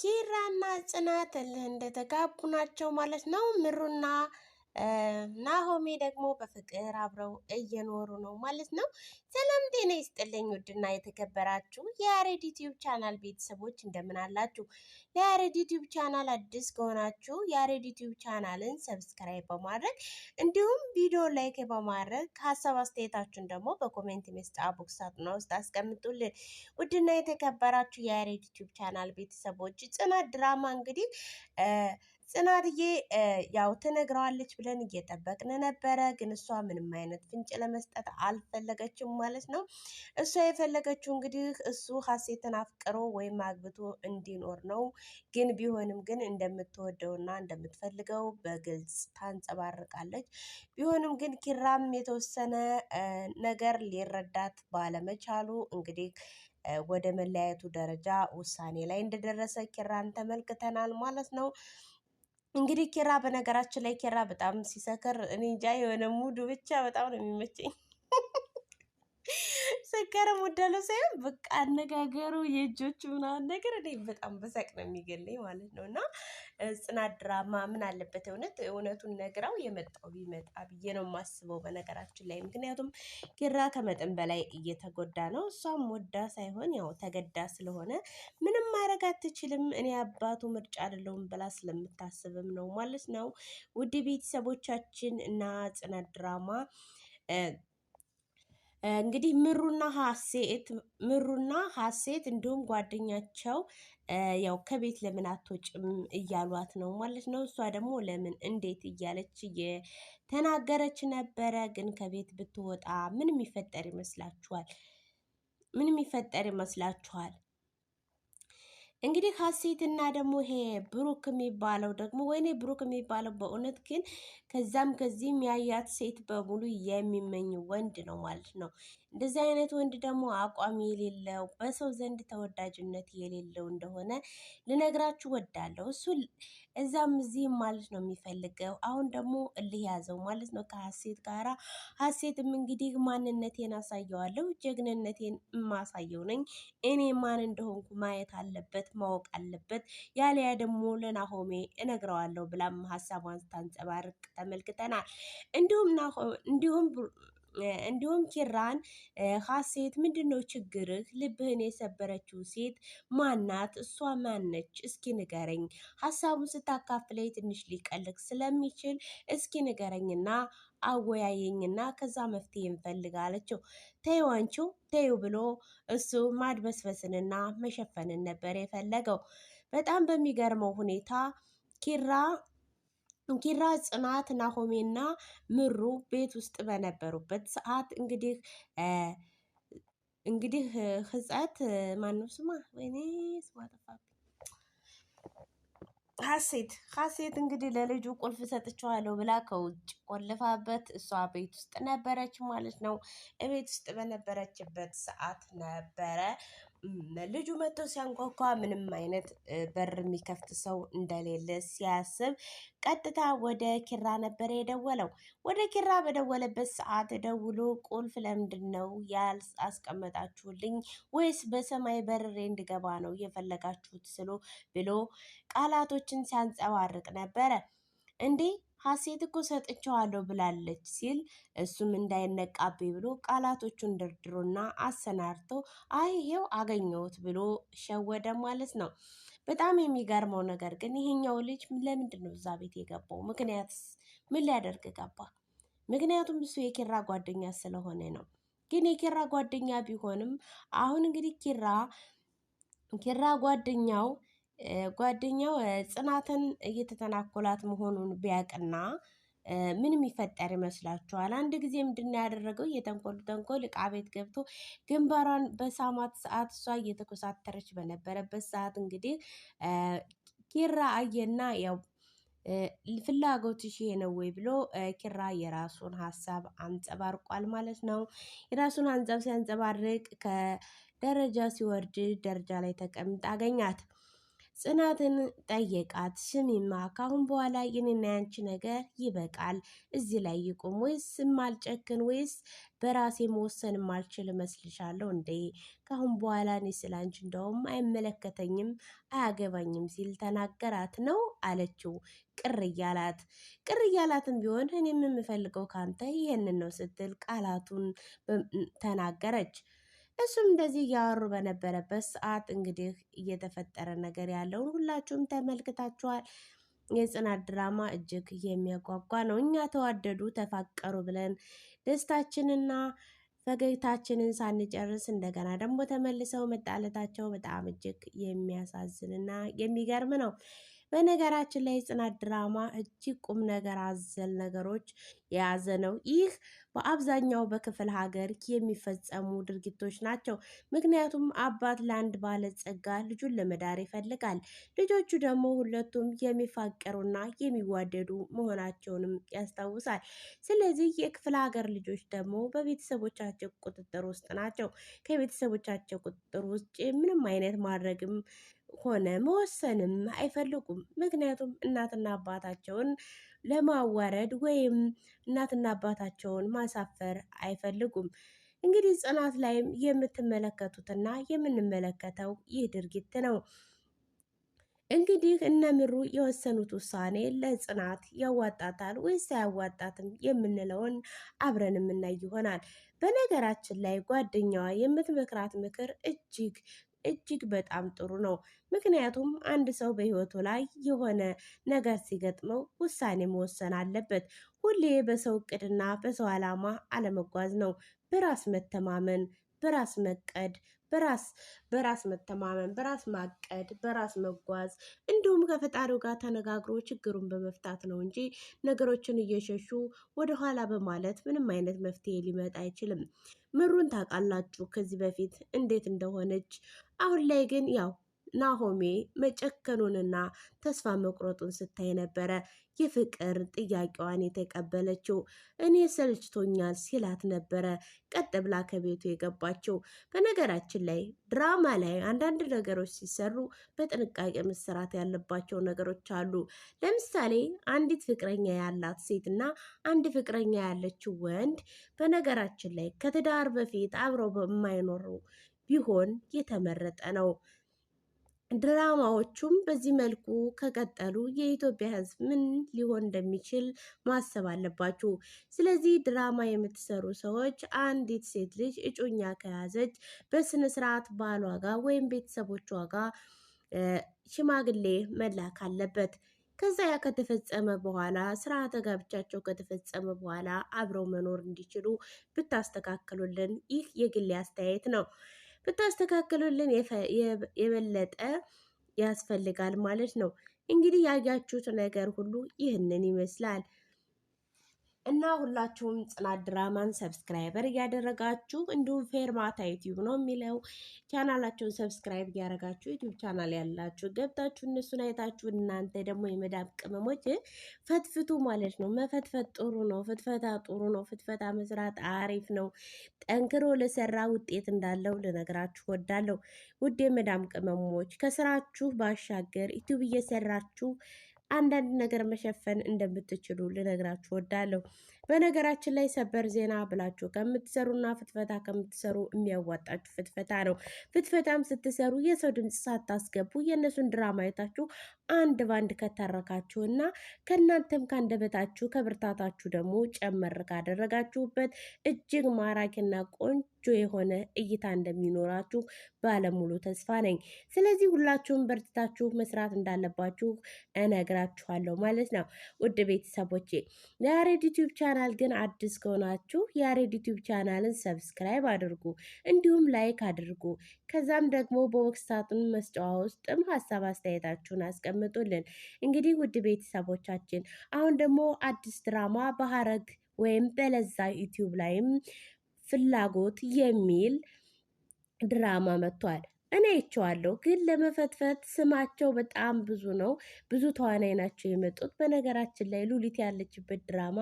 ኪራና ጽናት እንደተጋቡ ናቸው ማለት ነው። ምሩና ናሆሜ ደግሞ በፍቅር አብረው እየኖሩ ነው ማለት ነው። ሰላም ጤና ይስጥልኝ ውድና የተከበራችሁ የያሬድ ዩቲዩብ ቻናል ቤተሰቦች እንደምን አላችሁ? ለያሬድ ዩቲዩብ ቻናል አዲስ ከሆናችሁ የያሬድ ዩቲዩብ ቻናልን ሰብስክራይብ በማድረግ እንዲሁም ቪዲዮ ላይክ በማድረግ ከሀሳብ አስተያየታችሁን ደግሞ በኮሜንት መስጫ ቦክስ ሳጥን ውስጥ አስቀምጡልን። ውድና የተከበራችሁ የያሬድ ዩቲዩብ ቻናል ቤተሰቦች ጽናት ድራማ እንግዲህ ጽናትዬ ያው ትነግረዋለች ብለን እየጠበቅን ነበረ፣ ግን እሷ ምንም አይነት ፍንጭ ለመስጠት አልፈለገችም ማለት ነው። እሷ የፈለገችው እንግዲህ እሱ ሀሴትን አፍቅሮ ወይም አግብቶ እንዲኖር ነው። ግን ቢሆንም ግን እንደምትወደውና እንደምትፈልገው በግልጽ ታንጸባርቃለች። ቢሆንም ግን ኪራም የተወሰነ ነገር ሊረዳት ባለመቻሉ እንግዲህ ወደ መለያየቱ ደረጃ ውሳኔ ላይ እንደደረሰ ኪራን ተመልክተናል ማለት ነው። እንግዲህ ኪራ በነገራችን ላይ ኪራ በጣም ሲሰክር እኔ እንጃ የሆነ ሙዱ ብቻ በጣም ነው የሚመቸኝ። ሰከረ ሙዳለው ሳይሆን በቃ አነጋገሩ፣ የእጆቹ ምናምን ነገር እኔ በጣም በሳቅ ነው የሚገለኝ ማለት ነው እና ጽናት ድራማ ምን አለበት እውነት እውነቱን ነግራው የመጣው ቢመጣ ብዬ ነው የማስበው። በነገራችን ላይ ምክንያቱም ኪራ ከመጠን በላይ እየተጎዳ ነው። እሷም ወዳ ሳይሆን ያው ተገዳ ስለሆነ ምንም ማድረግ አትችልም። እኔ አባቱ ምርጫ አይደለውም ብላ ስለምታስብም ነው ማለት ነው። ውድ ቤተሰቦቻችን እና ጽናት ድራማ እንግዲህ ምሩና ሀሴት ምሩና ሀሴት እንዲሁም ጓደኛቸው ያው ከቤት ለምን አትወጭም እያሏት ነው ማለት ነው። እሷ ደግሞ ለምን እንዴት እያለች የተናገረች ነበረ። ግን ከቤት ብትወጣ ምን የሚፈጠር ይመስላችኋል? ምን የሚፈጠር ይመስላችኋል? እንግዲህ ሀሴትና ደግሞ ይሄ ብሩክ የሚባለው ደግሞ ወይኔ ብሩክ የሚባለው በእውነት ግን ከዛም ከዚህም ያያት ሴት በሙሉ የሚመኝ ወንድ ነው ማለት ነው። እንደዚህ አይነት ወንድ ደግሞ አቋም የሌለው በሰው ዘንድ ተወዳጅነት የሌለው እንደሆነ ልነግራችሁ ወዳለሁ እሱ እዛም እዚህም ማለት ነው የሚፈልገው። አሁን ደግሞ እልህ ያዘው ማለት ነው ከሀሴት ጋራ። ሀሴትም እንግዲህ ማንነቴን አሳየዋለሁ፣ ጀግንነቴን የማሳየው ነኝ። እኔ ማን እንደሆንኩ ማየት አለበት፣ ማወቅ አለበት፣ ያለያ ደግሞ ለናሆሜ እነግረዋለሁ ብላም ሀሳቧን ስታንጸባርቅ ተመልክተናል። እንዲሁም እንዲሁም እንዲሁም ኪራን ሀሴት ምንድነው ችግርህ? ልብህን የሰበረችው ሴት ማናት? እሷ ማነች? እስኪ ንገረኝ። ሀሳቡን ስታካፍለኝ ትንሽ ሊቀልቅ ስለሚችል እስኪ ንገረኝና አወያየኝና ከዛ መፍትሄ እንፈልጋለችው አለችው። ተይው አንቺው ተይው ብሎ እሱ ማድበስበስንና መሸፈንን ነበር የፈለገው። በጣም በሚገርመው ሁኔታ ኪራ ኪራ ጽናት ናሆሜና ምሩ ቤት ውስጥ በነበሩበት ሰዓት እንግዲህ እንግዲህ ህጻት ማነው ስማ ወይኔ ስማ ጠፋብኝ። ሀሴት ሀሴት እንግዲህ ለልጁ ቁልፍ ሰጥቼዋለሁ ብላ ከውጭ ቆልፋበት እሷ ቤት ውስጥ ነበረች ማለት ነው። ቤት ውስጥ በነበረችበት ሰዓት ነበረ ልጁ መጥቶ ሲያንኳኳ ምንም አይነት በር የሚከፍት ሰው እንደሌለ ሲያስብ ቀጥታ ወደ ኪራ ነበረ የደወለው። ወደ ኪራ በደወለበት ሰዓት ደውሎ ቁልፍ ለምንድን ነው ያላስቀመጣችሁልኝ? ወይስ በሰማይ በርሬ እንድገባ ነው የፈለጋችሁት? ስሎ ብሎ ቃላቶችን ሲያንጸባርቅ ነበረ። እንዴ ሀሴት እኮ ሰጥቼዋለሁ ብላለች ሲል እሱም እንዳይነቃብኝ ብሎ ቃላቶቹን ደርድሮና አሰናድቶ አይ ይሄው አገኘሁት ብሎ ሸወደ ማለት ነው። በጣም የሚገርመው ነገር ግን ይሄኛው ልጅ ለምንድን ነው እዛ ቤት የገባው? ምክንያትስ ምን ሊያደርግ ገባ? ምክንያቱም እሱ የኪራ ጓደኛ ስለሆነ ነው። ግን የኪራ ጓደኛ ቢሆንም አሁን እንግዲህ ኪራ ኪራ ጓደኛው ጓደኛው ጽናትን እየተተናኮላት መሆኑን ቢያቅና ምን የሚፈጠር ይመስላችኋል? አንድ ጊዜ ምንድነው ያደረገው? የተንኮል ተንኮል እቃ ቤት ገብቶ ግንባሯን በሳማት ሰዓት እሷ እየተኮሳተረች በነበረበት ሰዓት እንግዲህ ኪራ አየና ያው ፍላጎትሽ ይሄ ነው ወይ ብሎ ኪራ የራሱን ሀሳብ አንጸባርቋል ማለት ነው። የራሱን ሀሳብ ሲያንጸባርቅ ከደረጃ ሲወርድ ደረጃ ላይ ተቀምጣ አገኛት። ጽናትን ጠየቃት። ስሚማ ካሁን በኋላ የኔና ያንቺ ነገር ይበቃል፣ እዚህ ላይ ይቁም። ወይስ ማልጨክን ወይስ በራሴ መወሰን ማልችል እመስልሻለሁ እንዴ? ካሁን በኋላ እኔ ስለ እንደውም አይመለከተኝም አያገባኝም ሲል ተናገራት ነው አለችው። ቅር እያላት ቅር እያላትም ቢሆን እኔም የምፈልገው ካንተ ይህንን ነው ስትል ቃላቱን ተናገረች። እሱም እንደዚህ እያወሩ በነበረበት ሰዓት እንግዲህ እየተፈጠረ ነገር ያለውን ሁላችሁም ተመልክታችኋል። የጽናት ድራማ እጅግ የሚያጓጓ ነው። እኛ ተዋደዱ ተፋቀሩ ብለን ደስታችንና ፈገግታችንን ሳንጨርስ እንደገና ደግሞ ተመልሰው መጣለታቸው በጣም እጅግ የሚያሳዝንና የሚገርም ነው። በነገራችን ላይ የጽናት ድራማ እጅግ ቁም ነገር አዘል ነገሮች የያዘ ነው። ይህ በአብዛኛው በክፍል ሀገር የሚፈጸሙ ድርጊቶች ናቸው። ምክንያቱም አባት ለአንድ ባለጸጋ ልጁን ለመዳር ይፈልጋል። ልጆቹ ደግሞ ሁለቱም የሚፋቀሩና የሚዋደዱ መሆናቸውንም ያስታውሳል። ስለዚህ የክፍለ ሀገር ልጆች ደግሞ በቤተሰቦቻቸው ቁጥጥር ውስጥ ናቸው። ከቤተሰቦቻቸው ቁጥጥር ውጭ ምንም አይነት ማድረግም ሆነ መወሰንም አይፈልጉም። ምክንያቱም እናትና አባታቸውን ለማዋረድ ወይም እናትና አባታቸውን ማሳፈር አይፈልጉም። እንግዲህ ጽናት ላይም የምትመለከቱትና የምንመለከተው ይህ ድርጊት ነው። እንግዲህ እነምሩ የወሰኑት ውሳኔ ለጽናት ያዋጣታል ወይስ አያዋጣትም የምንለውን አብረን የምናይ ይሆናል። በነገራችን ላይ ጓደኛዋ የምትመክራት ምክር እጅግ እጅግ በጣም ጥሩ ነው። ምክንያቱም አንድ ሰው በህይወቱ ላይ የሆነ ነገር ሲገጥመው ውሳኔ መወሰን አለበት። ሁሌ በሰው እቅድና በሰው ዓላማ አለመጓዝ ነው። በራስ መተማመን በራስ መቀድ በራስ በራስ መተማመን በራስ ማቀድ በራስ መጓዝ እንዲሁም ከፈጣሪው ጋር ተነጋግሮ ችግሩን በመፍታት ነው እንጂ ነገሮችን እየሸሹ ወደኋላ በማለት ምንም አይነት መፍትሄ ሊመጣ አይችልም። ምሩን ታውቃላችሁ ከዚህ በፊት እንዴት እንደሆነች። አሁን ላይ ግን ያው ናሆሜ መጨከኑንና ተስፋ መቁረጡን ስታይ ነበረ የፍቅር ጥያቄዋን የተቀበለችው። እኔ ሰልችቶኛል ሲላት ነበረ ቀጥ ብላ ከቤቱ የገባችው። በነገራችን ላይ ድራማ ላይ አንዳንድ ነገሮች ሲሰሩ በጥንቃቄ መሰራት ያለባቸው ነገሮች አሉ። ለምሳሌ አንዲት ፍቅረኛ ያላት ሴት እና አንድ ፍቅረኛ ያለችው ወንድ በነገራችን ላይ ከትዳር በፊት አብረው በማይኖሩ ቢሆን የተመረጠ ነው። ድራማዎቹም በዚህ መልኩ ከቀጠሉ የኢትዮጵያ ሕዝብ ምን ሊሆን እንደሚችል ማሰብ አለባችሁ። ስለዚህ ድራማ የምትሰሩ ሰዎች አንዲት ሴት ልጅ እጮኛ ከያዘች በስነ ስርዓት ባሏ ጋር ወይም ቤተሰቦቿ ጋር ሽማግሌ መላክ አለበት። ከዛ ያ ከተፈጸመ በኋላ ስርዓተ ጋብቻቸው ከተፈጸመ በኋላ አብረው መኖር እንዲችሉ ብታስተካክሉልን፣ ይህ የግሌ አስተያየት ነው። ብታስተካከሉልን የበለጠ ያስፈልጋል ማለት ነው። እንግዲህ ያያችሁት ነገር ሁሉ ይህንን ይመስላል። እና ሁላችሁም ጽናት ድራማን ሰብስክራይበር እያደረጋችሁ እንዲሁም ፌርማታ ዩቲዩብ ነው የሚለው ቻናላቸውን ሰብስክራይብ እያደረጋችሁ ዩቲዩብ ቻናል ያላችሁ ገብታችሁ እነሱን አይታችሁ እናንተ ደግሞ የመዳብ ቅመሞች ፈትፍቱ ማለት ነው። መፈትፈት ጥሩ ነው። ፍትፈታ ጥሩ ነው። ፍትፈታ መስራት አሪፍ ነው። ጠንክሮ ለሰራ ውጤት እንዳለው ልነግራችሁ ወዳለው። ውድ የመዳም ቅመሞች ከስራችሁ ባሻገር ዩቲዩብ እየሰራችሁ አንዳንድ ነገር መሸፈን እንደምትችሉ ልነግራችሁ ወዳለሁ። በነገራችን ላይ ሰበር ዜና ብላችሁ ከምትሰሩና ፍትፈታ ከምትሰሩ የሚያዋጣችሁ ፍትፈታ ነው። ፍትፈታም ስትሰሩ የሰው ድምፅ ሳታስገቡ የእነሱን ድራማ የታችሁ አንድ ባንድ ከታረካችሁ እና ከእናንተም ካንደበታችሁ ከብርታታችሁ ደግሞ ጨመር ካደረጋችሁበት እጅግ ማራኪና ቆንጆ የሆነ እይታ እንደሚኖራችሁ ባለሙሉ ተስፋ ነኝ። ስለዚህ ሁላችሁም በርትታችሁ መስራት እንዳለባችሁ እነግራ እነግራችኋለሁ ማለት ነው። ውድ ቤተሰቦቼ የያሬድ ዩቲዩብ ቻናል ግን አዲስ ከሆናችሁ የያሬድ ዩቲዩብ ቻናልን ሰብስክራይብ አድርጉ፣ እንዲሁም ላይክ አድርጉ። ከዛም ደግሞ በቦክስ ሳጥን መስጫዋ ውስጥም ሀሳብ አስተያየታችሁን አስቀምጡልን። እንግዲህ ውድ ቤተሰቦቻችን አሁን ደግሞ አዲስ ድራማ በሀረግ ወይም በለዛ ዩቲዩብ ላይም ፍላጎት የሚል ድራማ መጥቷል። እኔ አይቼዋለሁ፣ ግን ለመፈትፈት ስማቸው በጣም ብዙ ነው። ብዙ ተዋናይ ናቸው የመጡት። በነገራችን ላይ ሉሊት ያለችበት ድራማ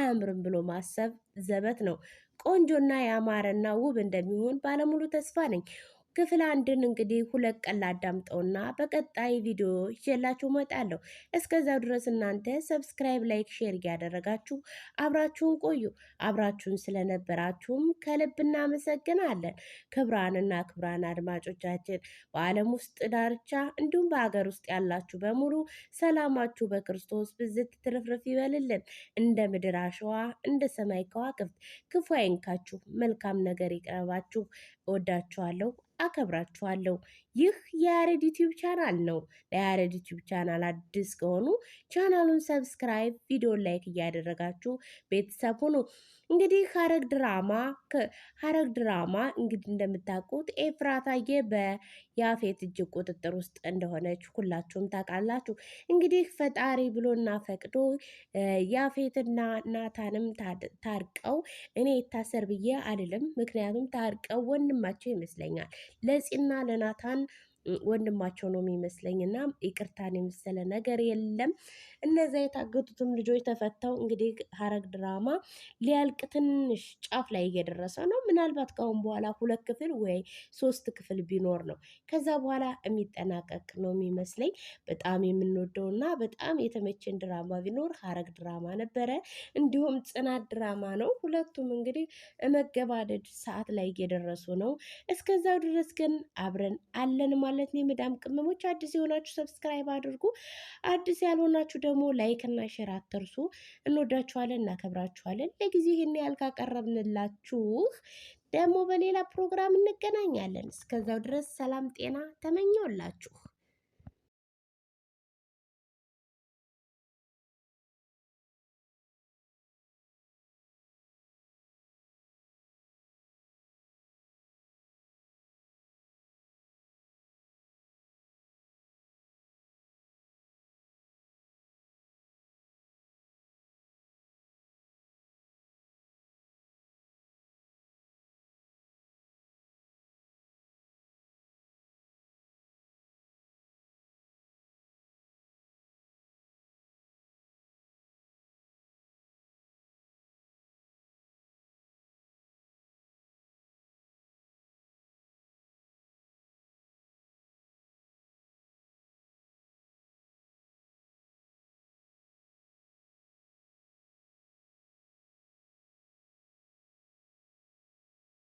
አያምርም ብሎ ማሰብ ዘበት ነው። ቆንጆና ያማረና ውብ እንደሚሆን ባለሙሉ ተስፋ ነኝ። ክፍል አንድን እንግዲህ ሁለት ቀን አዳምጠውና በቀጣይ ቪዲዮ ይዤላችሁ እመጣለሁ። እስከዛው ድረስ እናንተ ሰብስክራይብ፣ ላይክ፣ ሼር እያደረጋችሁ አብራችሁን ቆዩ። አብራችሁን ስለነበራችሁም ከልብ እናመሰግናለን። ክብራንና ክብራን አድማጮቻችን በዓለም ውስጥ ዳርቻ እንዲሁም በሀገር ውስጥ ያላችሁ በሙሉ ሰላማችሁ በክርስቶስ ብዝት ትርፍርፍ ይበልልን። እንደ ምድር አሸዋ እንደ ሰማይ ከዋክብት ክፉ አይንካችሁ፣ መልካም ነገር ይቅረባችሁ። እወዳችኋለሁ። አከብራችኋለሁ። ይህ የያሬድ ዩቲዩብ ቻናል ነው። ለያሬድ ዩቲዩብ ቻናል አዲስ ከሆኑ ቻናሉን ሰብስክራይብ፣ ቪዲዮን ላይክ እያደረጋችሁ ቤተሰብ ሁኑ። እንግዲህ ሀረግ ድራማ ሀረግ ድራማ እንግዲህ እንደምታውቁት ኤፍራታዬ በያፌት እጅ ቁጥጥር ውስጥ እንደሆነች ሁላችሁም ታውቃላችሁ። እንግዲህ ፈጣሪ ብሎና ፈቅዶ ያፌትና ናታንም ታርቀው እኔ የታሰር ብዬ አልልም። ምክንያቱም ታርቀው ወንድማቸው ይመስለኛል ለጺና ለናታን ወንድማቸው ነው የሚመስለኝ እና ይቅርታን የመሰለ ነገር የለም። እነዚያ የታገቱትም ልጆች ተፈተው እንግዲህ ሐረግ ድራማ ሊያልቅ ትንሽ ጫፍ ላይ እየደረሰ ነው። ምናልባት ከአሁን በኋላ ሁለት ክፍል ወይ ሶስት ክፍል ቢኖር ነው ከዛ በኋላ የሚጠናቀቅ ነው የሚመስለኝ። በጣም የምንወደው እና በጣም የተመቸን ድራማ ቢኖር ሐረግ ድራማ ነበረ። እንዲሁም ጽናት ድራማ ነው። ሁለቱም እንግዲህ መገባደድ ሰዓት ላይ እየደረሱ ነው። እስከዛው ድረስ ግን አብረን አለን ማለት ማለት ነው። የመዳም ቅመሞች አዲስ የሆናችሁ ሰብስክራይብ አድርጉ፣ አዲስ ያልሆናችሁ ደግሞ ላይክ እና ሼር አትርሱ። እንወዳችኋለን፣ እናከብራችኋለን። ለጊዜ ይህን ያህል ካቀረብንላችሁ ደግሞ በሌላ ፕሮግራም እንገናኛለን። እስከዛው ድረስ ሰላም ጤና ተመኘውላችሁ።